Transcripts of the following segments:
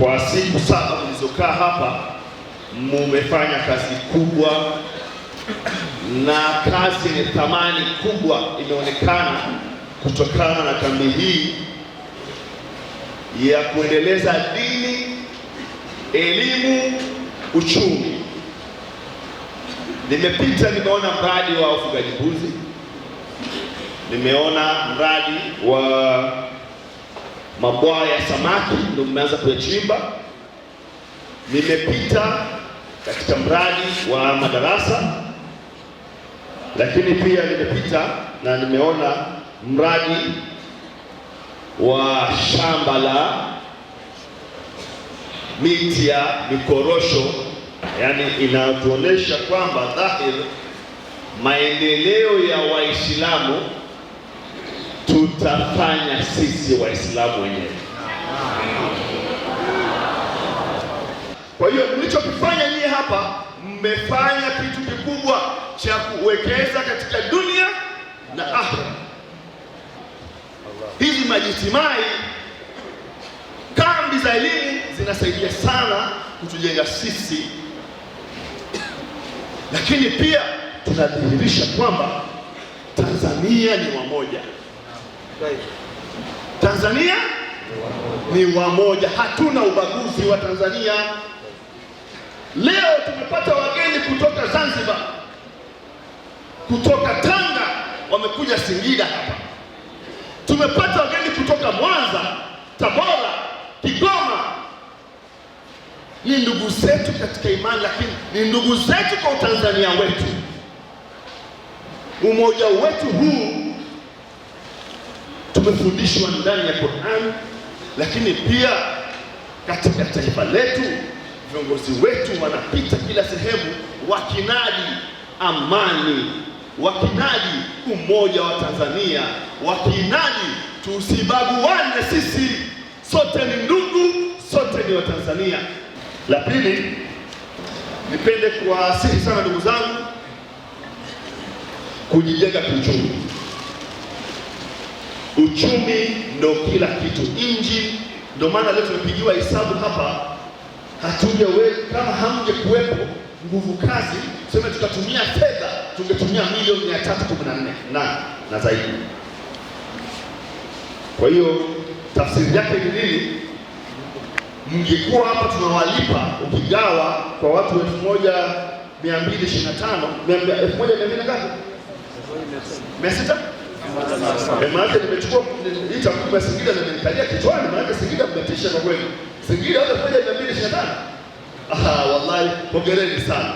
Kwa siku saba mlizokaa hapa mumefanya kazi kubwa na kazi yenye thamani kubwa imeonekana kutokana na kambi hii ya kuendeleza dini, elimu, uchumi. Nimepita nimeona mradi wa ufugaji mbuzi, nimeona mradi wa mabwawa ya samaki ndio mmeanza kuyachimba. Nimepita katika mradi wa madarasa, lakini pia nimepita na nimeona mradi wa shamba la miti ya mikorosho, yaani inatuonesha kwamba dhahir maendeleo ya Waislamu tutafanya sisi Waislamu wenyewe. Kwa hiyo mlichokifanya nyie hapa, mmefanya kitu kikubwa cha kuwekeza katika dunia na akhera. Hizi majitimai kambi za elimu zinasaidia sana kutujenga sisi, lakini pia tunadhihirisha kwamba Tanzania ni wamoja. Tanzania ni wamoja, hatuna ubaguzi wa Tanzania. Leo tumepata wageni kutoka Zanzibar, kutoka Tanga, wamekuja Singida hapa. Tumepata wageni kutoka Mwanza, Tabora, Kigoma. Ni ndugu zetu katika imani, lakini ni ndugu zetu kwa Utanzania wetu. Umoja wetu huu tumefundishwa ndani ya Qur'an, lakini pia katika taifa letu viongozi wetu wanapita kila sehemu wakinadi amani, wakinadi umoja wa Tanzania, wakinadi tusibaguane, sisi sote ni ndugu, sote ni Watanzania. La pili, nipende kuwaasihi sana ndugu zangu kujijenga kiuchumi. Uchumi ndo kila kitu nji. ndo maana leo tumepigiwa hesabu hapa, hatujawe kama hamje kuwepo nguvu kazi, tuseme tutatumia fedha, tungetumia milioni 314 na na zaidi. Kwa hiyo tafsiri yake ni nini? Mngekuwa hapa tunawalipa, ukigawa kwa watu elfu moja mia mbili ishirini na tano elfu moja mia mbili na ngapi mia sita Eh, maana nimechukua nita kupa Singida na nimekalia kichwani, maana Singida mmetisha kwa kweli. Singida hata fanya mia mbili ishirini na tano. Ah, wallahi hongereni sana.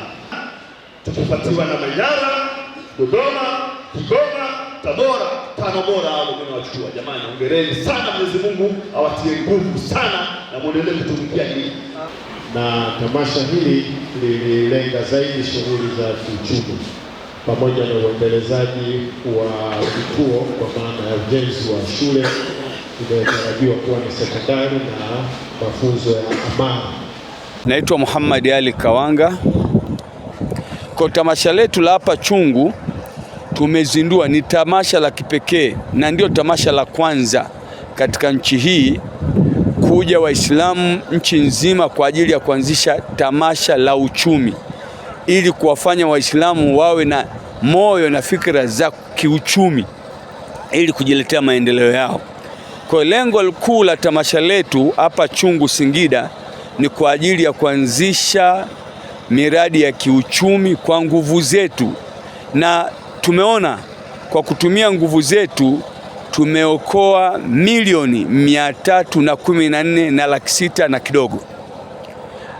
Tukifuatiwa na Manyara, Dodoma, Kigoma, Tabora, tano bora hao ndio wachukua. Jamani, hongereni sana, Mwenyezi Mungu awatie nguvu sana na muendelee kutumikia dini. Na tamasha hili lililenga zaidi shughuli za kiuchumi pamoja na uendelezaji wa vituo kwa maana ya ujenzi wa shule inayotarajiwa kuwa ni sekondari na mafunzo ya amali. Naitwa Muhammad Ali Kawanga. Kwa tamasha letu la hapa Chungu tumezindua, ni tamasha la kipekee na ndio tamasha la kwanza katika nchi hii kuja Waislamu nchi nzima kwa ajili ya kuanzisha tamasha la uchumi ili kuwafanya Waislamu wawe na moyo na fikra za kiuchumi ili kujiletea maendeleo yao. Kwa lengo kuu la tamasha letu hapa Chungu Singida ni kwa ajili ya kuanzisha miradi ya kiuchumi kwa nguvu zetu, na tumeona kwa kutumia nguvu zetu tumeokoa milioni mia tatu na kumi na nne na laki sita na kidogo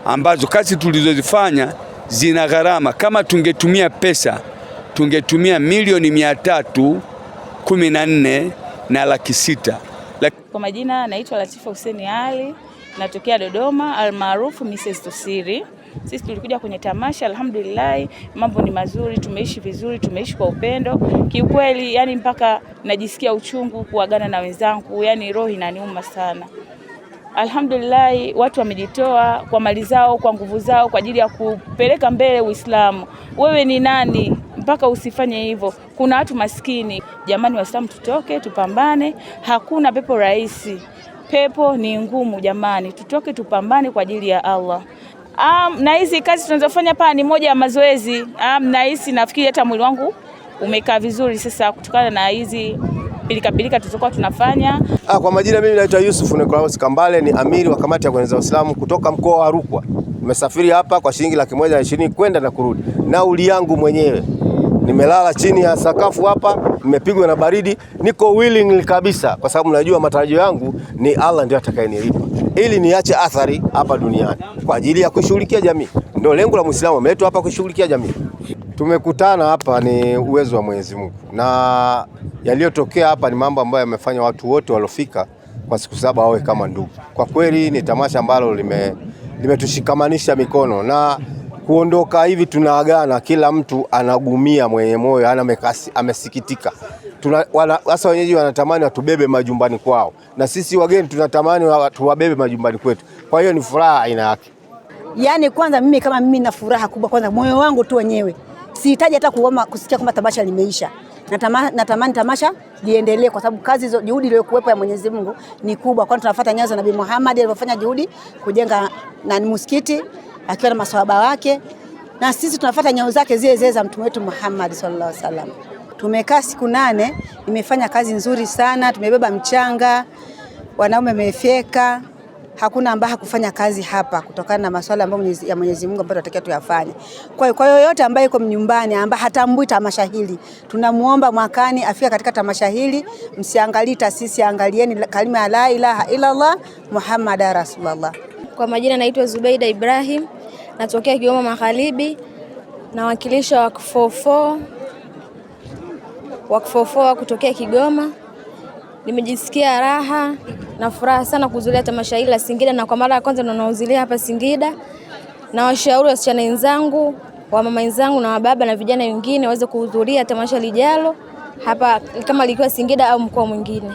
ambazo kazi tulizozifanya zina gharama. Kama tungetumia pesa tungetumia milioni mia tatu kumi na nne na laki sita. Kwa majina naitwa Latifa Huseni Ali, natokea Dodoma, almaarufu Mrs. Tusiri. Sisi tulikuja kwenye tamasha, alhamdulillah, mambo ni mazuri, tumeishi vizuri, tumeishi kwa upendo kiukweli. Yani mpaka najisikia uchungu kuagana na wenzangu, yani roho inaniuma sana. Alhamdulillah, watu wamejitoa kwa mali zao, kwa nguvu zao, kwa ajili ya kupeleka mbele Uislamu. Wewe ni nani mpaka usifanye hivyo? Kuna watu maskini. Jamani, Waislamu tutoke, tupambane. Hakuna pepo rahisi, pepo ni ngumu. Jamani, tutoke tupambane kwa ajili ya Allah. Um, na hizi kazi tunazofanya paa ni moja ya mazoezi um, na hisi nafikiri hata mwili wangu umekaa vizuri sasa kutokana na hizi pilika pilika tulizokuwa tunafanya. Ah, kwa majina mimi naitwa Yusuf Nicolaus Kambale, ni amiri wa kamati ya kueneza Uislamu kutoka mkoa wa Rukwa. Nimesafiri hapa kwa shilingi laki moja na ishirini kwenda na kurudi, nauli yangu mwenyewe. Nimelala chini ya sakafu hapa, nimepigwa na baridi. Niko willing kabisa, kwa sababu najua matarajio yangu ni Allah ndiye atakayenilipa, ili niache athari hapa duniani kwa ajili ya kushughulikia jamii. Ndio lengo la Muislamu ameletwa hapa kushughulikia jamii. Tumekutana hapa ni uwezo wa Mwenyezi Mungu na Yaliyotokea hapa ni mambo ambayo yamefanya watu wote waliofika kwa siku saba wawe kama ndugu. Kwa kweli ni tamasha ambalo limetushikamanisha mikono na kuondoka hivi tunaagana, kila mtu anagumia mwenye moyo ana yaani mekasi, amesikitika. Hasa wenyeji wanatamani watubebe majumbani kwao, na sisi wageni tunatamani tuwabebe majumbani kwetu. Kwa hiyo ni furaha aina yake. Yaani kwanza mimi kama mimi na furaha kubwa, kwanza moyo wangu tu wenyewe, sihitaji hata kusikia kwamba tamasha limeisha. Natamani tamasha liendelee kwa sababu kazi hizo, juhudi iliyokuwepo ya Mwenyezi Mungu ni kubwa, kwani tunafuata nyazo za Nabii Muhammad alivyofanya juhudi kujenga na msikiti akiwa na maswahaba wake, na sisi tunafuata nyayo zake zile zile za mtume wetu Muhammad sallallahu alaihi wasallam. Tumekaa siku nane, imefanya kazi nzuri sana, tumebeba mchanga, wanaume wamefyeka hakuna ambaye hakufanya kazi hapa kutokana na masuala ambayo ya Mwenyezi Mungu ambayo tunatakiwa tuyafanye. Kwa hiyo kwa yoyote ambaye yuko nyumbani ambaye hatambui tamasha hili, tunamuomba mwakani afika katika tamasha hili. Msiangalie taasisi, angalieni kalima ya la ilaha illa Allah Muhammad Rasulullah. Kwa majina naitwa Zubeida Ibrahim, natokea Kigoma Magharibi, nawakilisha wakfofo wakfofo kutokea Kigoma. Nimejisikia raha na furaha sana kuzulia tamasha hili la Singida, na kwa mara ya kwanza nanaozulia hapa Singida, na washauri wasichana wenzangu, wa mama wenzangu na wababa na vijana wengine waweze kuhudhuria tamasha lijalo hapa kama likiwa Singida au mkoa mwingine.